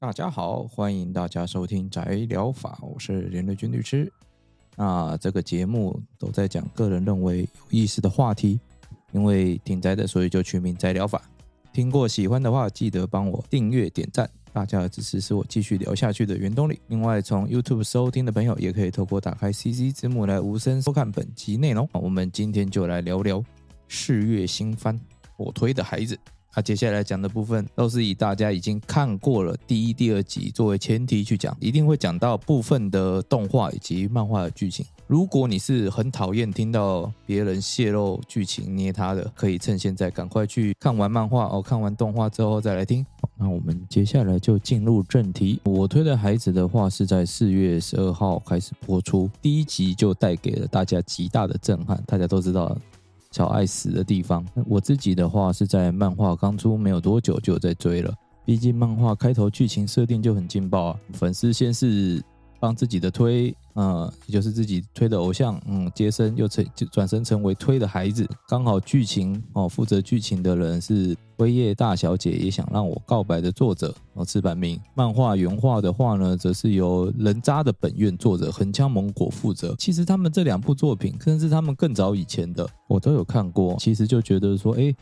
大家好，歡迎大家收聽宅聊法，我是林瑞軍律師。那這個節目都在講個人認為有意思的話題，因為挺宅的，所以就取名宅聊法。聽過喜歡的話，記得幫我訂閱點讚，大家的支持是我繼續聊下去的原動力。另外，從 YouTube 收聽的朋友也可以透過打開 CC 字幕來無聲收看本集內容。我們今天就來聊聊四月新番我推的孩子。那、啊、接下來講的部分都是以大家已經看過了第一、第二集作為前提去講，一定會講到部分的動畫以及漫畫的劇情。如果你是很討厭聽到別人泄露劇情捏他的，可以趁現在趕快去看完漫畫哦，看完動畫之後再來聽。那我們接下來就進入正題。我推的孩子的話是在四月十二號開始播出，第一集就帶給了大家極大的震撼。大家都知道了。小愛死的地方，我自己的話是在漫畫剛出沒有多久就有在追了，畢竟漫畫開頭劇情設定就很勁爆啊，粉絲先是。幫自己的推，嗯、呃，也就是自己推的偶像，嗯，接生又成就轉身成為推的孩子，剛好劇情哦，負責劇情的人是輝夜大小姐也想讓我告白的作者哦，赤坂明漫畫原畫的話呢，則是由人渣的本願作者橫槍猛果負責。其實他們這兩部作品，甚至他們更早以前的，我都有看過。其實就覺得說，哎、欸，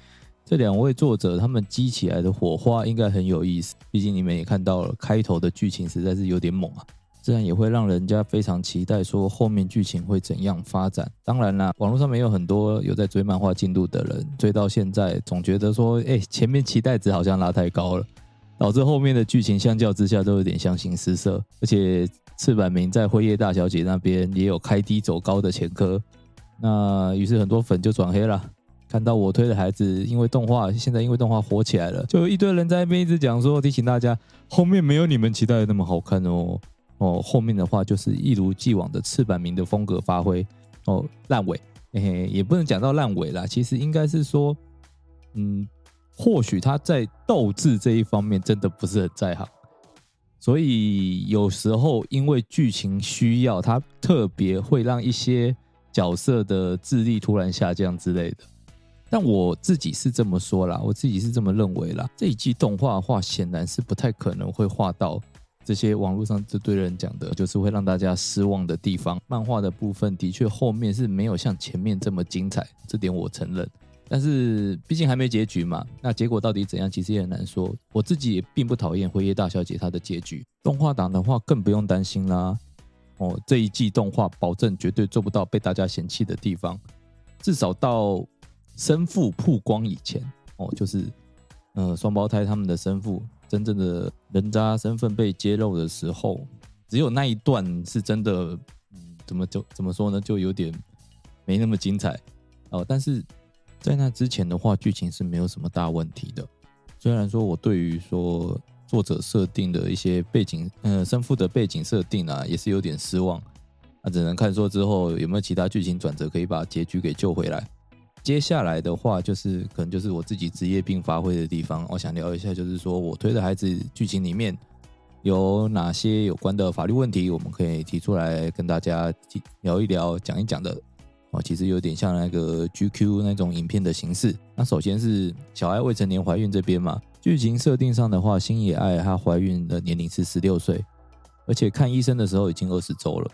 這兩位作者他們激起來的火花應該很有意思。畢竟你們也看到了，開頭的劇情實在是有點猛啊。自然也會讓人家非常期待，說後面劇情會怎樣發展。當然啦，網絡上也有很多有在追漫畫進度的人，追到現在總覺得說，哎、欸，前面期待值好像拉太高了，導致後面的劇情相較之下都有點相形失色。而且赤坂明在《輝夜大小姐》那邊也有開低走高的前科，那於是很多粉就轉黑了。看到我推的孩子，因為動畫現在因為動畫火起來了，就一堆人在那邊一直講說，提醒大家後面沒有你們期待的那麼好看哦。哦，後面的話就是一如既往的赤坂明的風格發揮。哦，爛尾，嘿嘿，也不能講到爛尾啦，其實應該是說，嗯，或許他在鬥智這一方面真的不是很在行，所以有時候因為劇情需要，他特別會讓一些角色的智力突然下降之類的。但我自己是這麼說啦，我自己是這麼認為啦。這一季動畫的話，顯然是不太可能會畫到。這些網絡上這堆人講的，就是會讓大家失望的地方。漫畫的部分的確後面是沒有像前面這麼精彩，這點我承認。但是畢竟還沒結局嘛，那結果到底怎樣，其實也很難說。我自己也並不討厭輝夜大小姐她的結局。動畫黨的話更不用擔心啦，哦，這一季動畫保證絕對做不到被大家嫌棄的地方。至少到生父曝光以前，哦，就是，呃，雙胞胎他們的生父。真正的人渣身份被揭露的時候，只有那一段是真的，嗯，怎麼就怎麼說呢，就有點沒那麼精彩哦。但是在那之前的話，劇情是沒有什麼大問題的。雖然說我對於說作者設定的一些背景，嗯、呃，生父的背景設定啊，也是有點失望。那、啊、只能看說之後有沒有其他劇情轉折可以把結局給救回來。接下來的話，就是可能就是我自己職業病發揮的地方。我想聊一下，就是說我推的孩子劇情裡面有哪些有關的法律問題，我們可以提出來跟大家聊一聊、講一講的。哦，其實有點像那個 GQ 那種影片的形式。那首先是小愛未成年懷孕這邊嘛，劇情設定上的話，星野愛她懷孕的年齡是十六歲，而且看醫生的時候已經二十週了，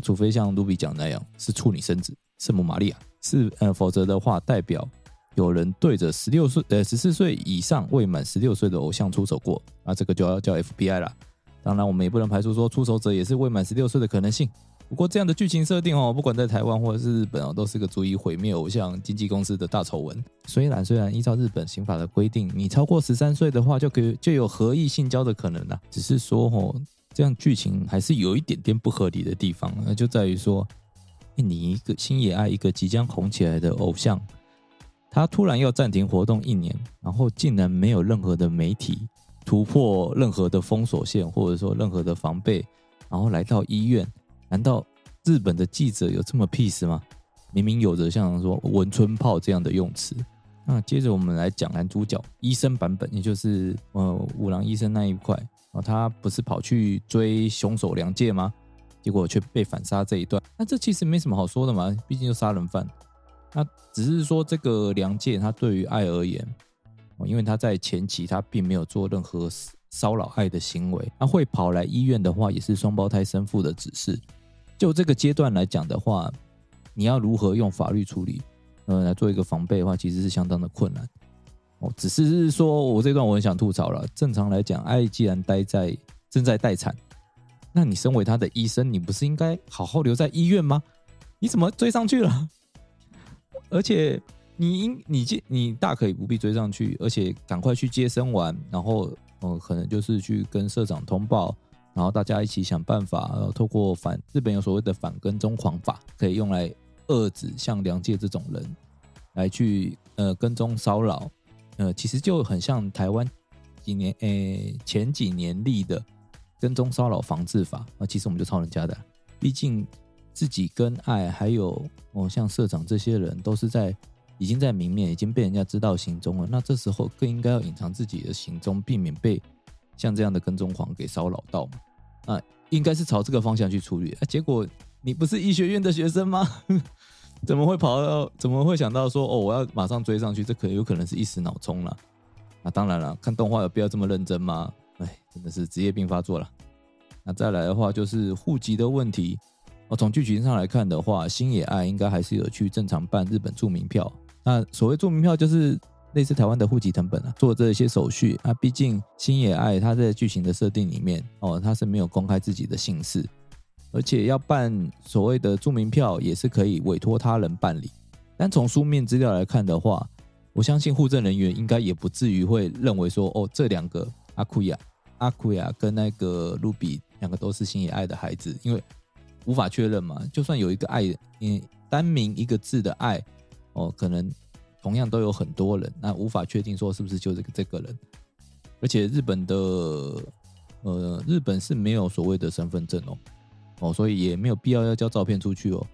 除非像 Ruby 講那樣是處女生子。聖母瑪利亞是、呃，否則的話，代表有人對着十六歲，呃，十四歲以上未滿十六歲的偶像出手過，那這個就要叫 FBI 了。當然，我們也不能排除說出手者也是未滿十六歲的可能性。不過，這樣的劇情設定哦，不管在台灣或者是日本哦，都是個足以毀滅偶像經紀公司的大醜聞。雖然雖然依照日本刑法的規定，你超過十三歲的話，就可以就有合意性交的可能啦、啊，只是說哦，這樣劇情還是有一點點不合理的地方，那就在於說。你一個星野愛，一個即將紅起來的偶像，他突然要暫停活動一年，然後竟然沒有任何的媒體突破任何的封鎖線，或者說任何的防備，然後來到醫院，難道日本的記者有這麼屁事嗎？明明有着像說文春炮這樣的用詞。那接着我們來講男主角醫生版本，也就是呃五郎醫生那一塊啊，他不是跑去追凶手良介嗎？結果卻被反殺這一段，那這其實沒什麼好說的嘛，畢竟就殺人犯。那只是說這個涼介他對於愛而言，哦，因為他在前期他並沒有做任何騷擾愛的行為，他會跑來醫院的話也是雙胞胎生父的指示。就這個階段來講的話，你要如何用法律處理，呃，來做一個防備的話，其實是相當的困難。哦，只是說我這段我很想吐槽了。正常來講，愛既然待在，正在待產。那你身為他的醫生，你不是應該好好留在醫院嗎？你怎麼追上去了？而且你應你接你，你大可以不必追上去，而且趕快去接生完，然後嗯、呃，可能就是去跟社長通報，然後大家一起想辦法，然後透過反，日本有所謂的反跟蹤狂法，可以用來遏止像梁界這種人來去呃跟蹤騷擾，呃，其實就很像台灣幾年誒、欸、前幾年立的。跟蹤騷擾防治法，那其實我們就抄人家的。畢竟自己跟愛還有哦，像社長這些人都是在已經在明面已經被人家知道行蹤了，那這時候更應該要隱藏自己的行蹤，避免被像這樣的跟蹤狂給騷擾到嘛。啊，應該是朝這個方向去處理，啊。結果你不是醫學院的學生嗎？ 怎麼會跑到？怎麼會想到說哦，我要馬上追上去？這可有可能是一時腦衝了。啊，當然了，看動畫有必要這麼認真嗎？哎，真的是職業病發作了。那再來的話，就是戶籍的問題。哦，從劇情上來看的話，星野愛應該還是有去正常辦日本住民票。那所謂住民票，就是類似台灣的戶籍謄本啊，做這些手續。那、啊、畢竟星野愛他在劇情的設定裡面，哦，他是沒有公開自己的姓氏，而且要辦所謂的住民票，也是可以委託他人辦理。但從書面資料來看的話，我相信戶政人員應該也不至於會認為說，哦，這兩個。阿庫亞，阿庫亞跟那個露比兩個都是星野愛的孩子，因為無法確認嘛，就算有一個愛，嗯，單名一個字的愛，哦，可能同樣都有很多人，那無法確定說是不是就是這個這個人。而且日本的，呃，日本是沒有所謂的身份證哦，哦，所以也沒有必要要交照片出去哦。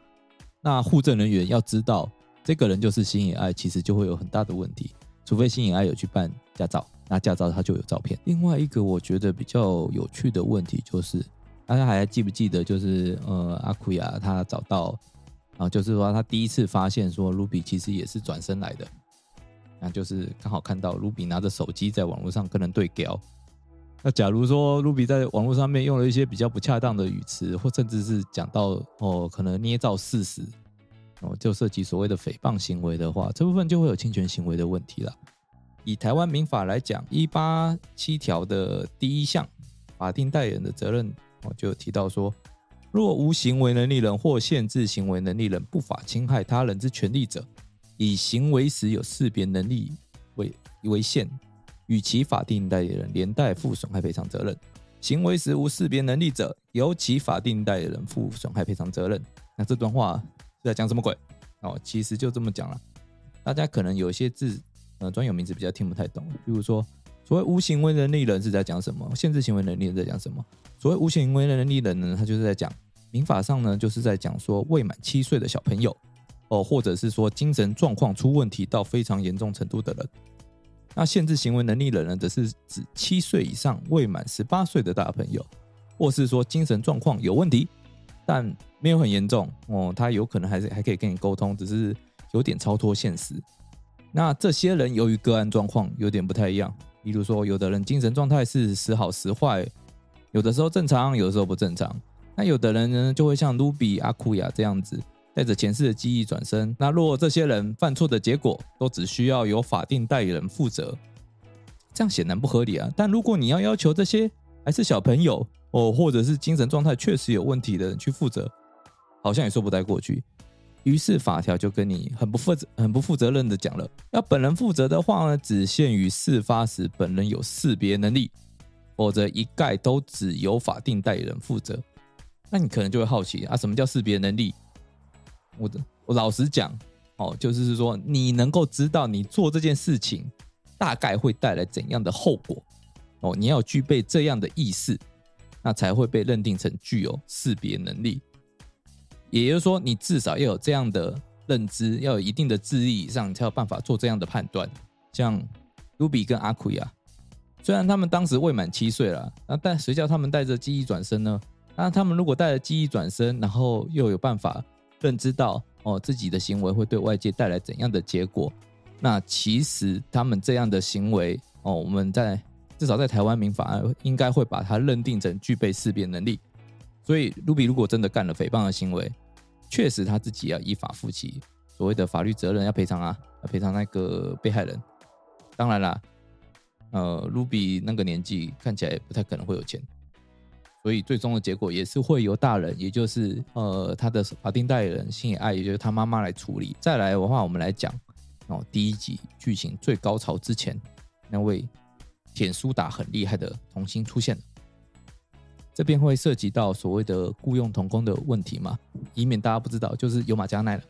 那戶政人員要知道這個人就是星野愛，其實就會有很大的問題，除非星野愛有去辦駕照。那駕照，他就有照片。另外一個我覺得比較有趣的問題就是，大家還記不記得？就是呃，阿庫亞他找到，啊、哦，就是說他第一次發現說，露比其實也是轉生來的，那就是剛好看到露比拿着手機在網絡上跟人對聊。那假如說露比在網絡上面用了一些比較不恰當的語詞，或甚至是講到哦，可能捏造事實，哦，就涉及所謂的誹謗行為的話，這部分就會有侵權行為的問題了。以臺灣民法來講，一八七條的第一項，法定代理人的責任，我就提到說，若無行為能力人或限制行為能力人不法侵害他人之權利者，以行為時有識別能力為為限，與其法定代理人連帶負損害賠償責任；行為時無識別能力者，由其法定代理人負損害賠償責任。那這段話是在講什麼鬼？哦，其實就這麼講了，大家可能有些字。呃，專有名詞比較聽不太懂，比如說所謂無行為能力人是在講什麼？限制行為能力人在講什麼？所謂無行為能力人呢，他就是在講民法上呢，就是在講說未滿七歲的小朋友，哦，或者是說精神狀況出問題到非常嚴重程度的人。那限制行為能力人呢，則是指七歲以上未滿十八歲的大朋友，或是說精神狀況有問題但沒有很嚴重哦，他有可能還是還可以跟你溝通，只是有點超脫現實。那這些人由於個案狀況有點不太一樣，比如說有的人精神狀態是時好時壞，有的時候正常，有的時候不正常。那有的人呢，就會像露比、阿庫亞這樣子，帶着前世的記憶轉生，那如果這些人犯錯的結果，都只需要由法定代理人負責，這樣顯然不合理啊。但如果你要要求這些還是小朋友哦，或者是精神狀態確實有問題的人去負責，好像也說不太過去。於是法條就跟你很不負責很不負責任的講了，要本人負責的話呢，只限於事發時本人有識別能力，否則一概都只由法定代理人負責。那你可能就會好奇啊，什麼叫識別能力？我我老實講哦，就是說你能夠知道你做這件事情大概會帶來怎樣的後果哦，你要具備這樣的意識，那才會被認定成具有識別能力。也就是說，你至少要有這樣的認知，要有一定的智力以上，你才有辦法做這樣的判斷。像露比跟阿庫亞，雖然他們當時未滿七歲了，那但誰叫他們帶着記憶轉生呢？那他們如果帶着記憶轉生，然後又有辦法認知到哦，自己的行為會對外界帶來怎樣的結果，那其實他們這樣的行為哦，我們在至少在台灣民法案應該會把它認定成具備識別能力。所以露比如果真的幹了誹謗的行為，確實，他自己要依法負起所謂的法律責任，要賠償啊，要賠償那個被害人。當然啦，呃露比那個年紀看起來不太可能會有錢，所以最終的結果也是會由大人，也就是呃他的法定代理人星野愛，也就是他媽媽來處理。再來的話，我們來講哦，呃，第一集劇情最高潮之前，那位舔蘇打很厲害的童星出現了。這邊會涉及到所謂的僱傭童工的問題嘛？以免大家不知道，就是有馬加奈了。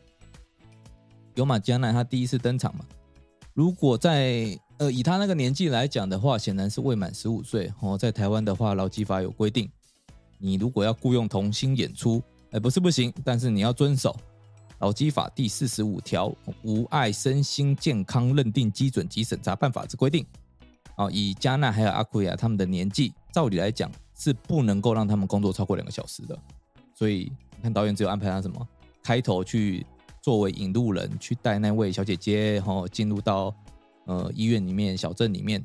有馬加奈他第一次登場嘛？如果在呃以他那個年紀來講的話，顯然是未滿十五歲哦。在台灣的話，勞基法有規定，你如果要僱傭童星演出，呃，不是不行，但是你要遵守勞基法第四十五條無礙身心健康認定基準及審查辦法之規定。哦，以加奈還有阿庫亞他們的年紀，照理來講，是不能夠讓他們工作超過兩個小時的，所以你看導演只有安排他什麼，開頭去作為引路人去帶那位小姐姐哈、哦、進入到呃醫院裡面小鎮裡面，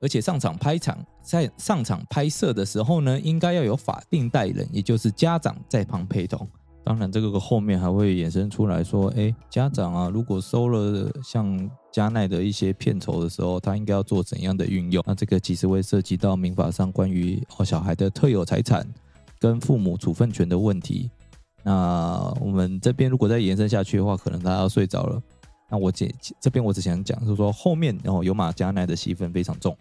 而且上場拍場在上場拍攝的時候呢，應該要有法定代理人，也就是家長在旁陪同。當然，這個後面還會衍生出來說，哎、欸，家長啊，如果收了像加奈的一些片酬的時候，他應該要做怎樣的運用？那這個其實會涉及到民法上關於哦小孩的特有財產跟父母處分權的問題。那我們這邊如果再延伸下去的話，可能他要睡着了。那我這這邊我只想講，就是說後面然後有馬加奈的戲份非常重，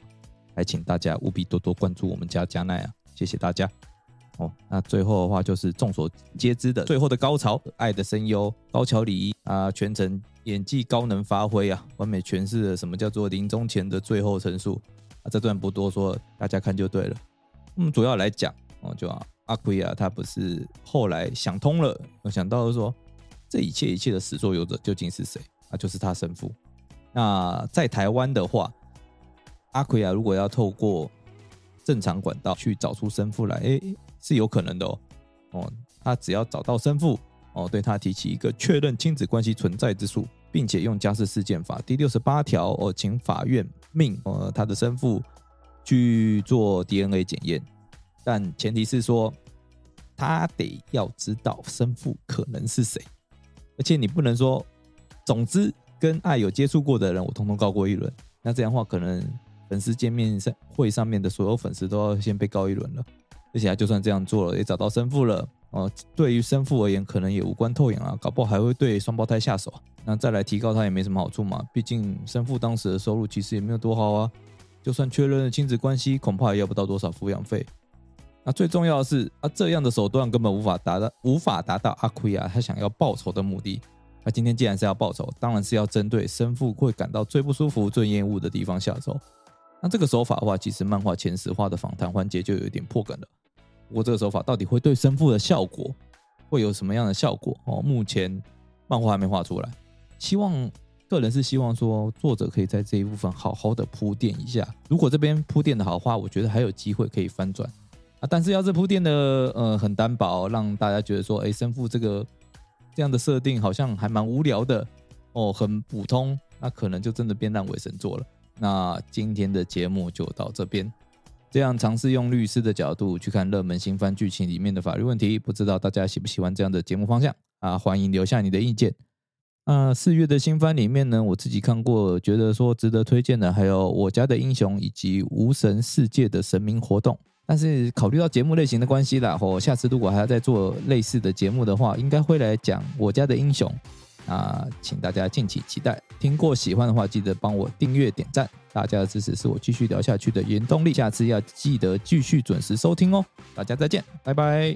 還請大家務必多多關注我們家加奈啊！謝謝大家。哦，那最後的話就是眾所皆知的最後的高潮，愛的聲優高橋李依啊，全程演技高能發揮啊，完美詮釋了什麼叫做臨終前的最後陳述，啊，這段不多說，大家看就對了。嗯，主要來講，我、哦，就阿奎亞他不是後來想通了，想到說這一切一切的始作俑者究竟是誰，那、啊，就是他生父。那在台灣的話，阿奎亞如果要透過正常管道去找出生父來，欸是有可能的哦，哦，他只要找到生父，哦，對他提起一個確認親子關係存在之訴，並且用家事事件法第六十八條，哦，請法院命，哦，他的生父去做 DNA 檢驗。但前提是說，他得要知道生父可能是誰，而且你不能說，總之跟愛有接觸過的人，我通通告過一輪。那這樣的話，可能粉絲見面會上面的所有粉絲都要先被告一輪了。而且他就算這樣做了，也找到生父了。呃，對於生父而言，可能也無關痛癢啊，搞不好還會對雙胞胎下手。那再來提高他也沒什麼好處嘛。畢竟生父當時的收入其實也沒有多好啊。就算確認了親子關係，恐怕也要不到多少撫養費。那最重要的是，啊，這樣的手段根本無法達到無法達到阿庫亞他想要報仇的目的。那今天既然是要報仇，當然是要針對生父會感到最不舒服、最厭惡的地方下手。那這個手法的話，其實漫畫前十話的訪談環節就有點破梗了。我這個手法到底會對生父的效果會有什麼樣的效果哦？目前漫畫還沒畫出來，希望個人是希望說作者可以在這一部分好好的鋪墊一下。如果這邊鋪墊的好的話，我覺得還有機會可以翻轉啊。但是要是鋪墊的呃很單薄，讓大家覺得說誒、欸、生父這個這樣的設定好像還蠻無聊的哦，很普通，那可能就真的變爛尾神作了。那今天的節目就到這邊。這樣嘗試用律師的角度去看熱門新番劇情裡面的法律問題，不知道大家喜不喜歡這樣的節目方向啊？歡迎留下你的意見。啊、呃、四月的新番裡面呢，我自己看過，覺得說值得推薦的還有《我家的英雄》以及《無神世界的神明活動》。但是考慮到節目類型的關係啦，或、哦、下次如果還要再做類似的節目的話，應該會來講《我家的英雄》啊，請大家敬請期待。聽過喜歡的話，記得幫我訂閱點讚。大家的支持，是我繼續聊下去的原動力，下次要記得繼續準時收聽哦。大家再見，拜拜。